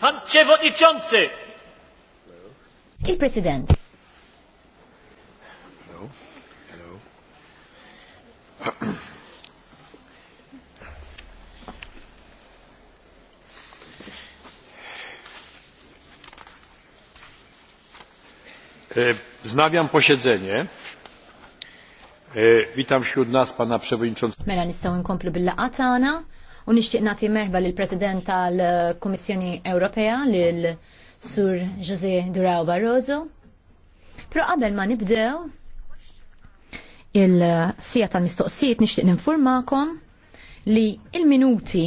Pan Przewodniczący! Il-President. Hello. Hello. E, wznawiam posiedzenie. E, witam wśród nas pana przewodniczącego. Mela nistgħu nkomplu bil-laqgħa tagħna u nixtieq nagħti merħba lill president tal-Kummissjoni Ewropea lil Sur José Durao Barroso. Pro qabel ma nibdew il-sija tal-mistoqsijiet nixtieq ninfurmakom li il-minuti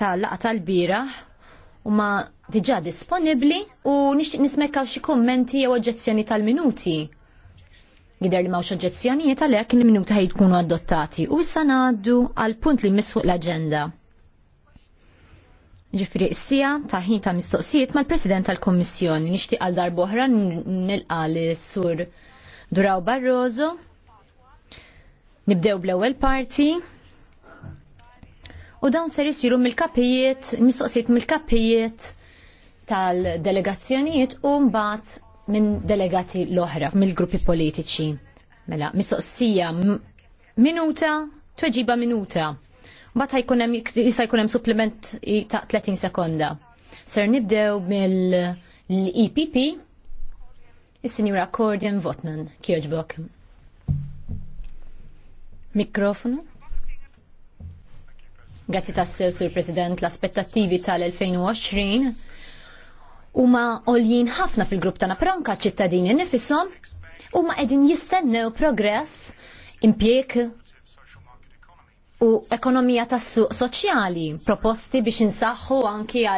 tal-laqa tal-biraħ huma diġà disponibbli u nixtieq nismekkaw xi kummenti jew oġġezzjoni tal-minuti Gider li mawx oġġezzjonijiet għalhekk il-minuta jkunu adottati u issa ngħaddu għal punt li misfuq l-aġenda. Ġifri issija ta' ħin ta' mistoqsijiet mal-President tal-Kommissjoni nixtieq għal darboħra nilqa li sur Duraw Barroso. Nibdew bl-ewwel parti. U dawn ser isiru mill-kapijiet, mistoqsijiet mill-kapijiet tal-delegazzjonijiet u mbagħad minn delegati l-oħra, mill-gruppi politiċi. Mela, mistoqsija minuta, tweġiba minuta. Bat ħajkun jkun hemm supplement ta' 30 sekonda. Ser nibdew mill-EPP is-Sinjura Corden Votman kjoġbok. Mikrofonu. Grazzi tassew, Sur President, l-aspettattivi tal-2020 huma għoljin ħafna fil-grupp tana, però ċittadini nifisom huma qegħdin jistennew progress impjieg u ekonomija tas-suq soċjali proposti biex insaħħu anki